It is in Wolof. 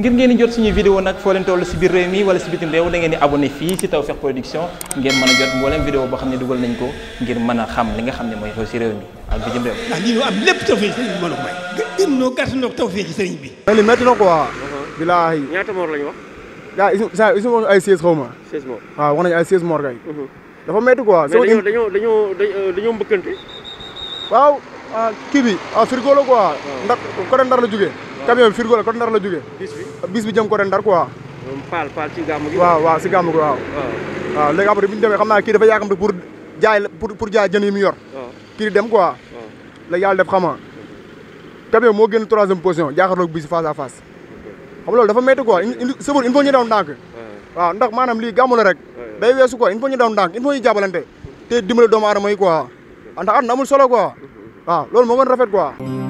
ngir ngeen di jot suñuy vidéo nag foo leen si biir réew mi wala si bitim réew da ngeen di abonné fii si Tawfekh Production ngeen mën a jot mboolem vidéo boo xam ne dugal nañ ko ngir mën a xam li nga xam ne mooy xew si réew mi ak bi mën a ko may. gën noo gàtt noo tawfeex sëriñ bi. li uh-huh. ñaata moor lañ wax. gaa isu saa isu moom ay 16 xaw ma. 16 moor waaw wax nañ ay 16 moor kay. Uh-huh. dafa métti quoi. soo mais dañoo dañoo euh, dañoo ko ah, ah, uh-huh. ndar la jógee camion bi firgo la kon ndar la jógee. bis bi bis bi ko ndar quoi. paal paal ci gàmm gi. waaw waaw si gàmm gi waaw. waaw léegi après bi ñu demee xam naa kii dafa yàkkamte pour jaay pour pour jaay jën yi mu yor. kii di dem quoi. la yàlla def xama camion moo génn troisième position jaaxaroog bis face a face. xam loolu dafa métti quoi indi sëbër il faut ñu daw ndànk. waaw ndax maanaam lii gàmmu la rek. day weesu quoi il faut ñu daw ndànk il faut ñu jàppalante. te dimbale doomu aadama yi quoi. ndax at na amul solo quoi. waaw loolu moo gën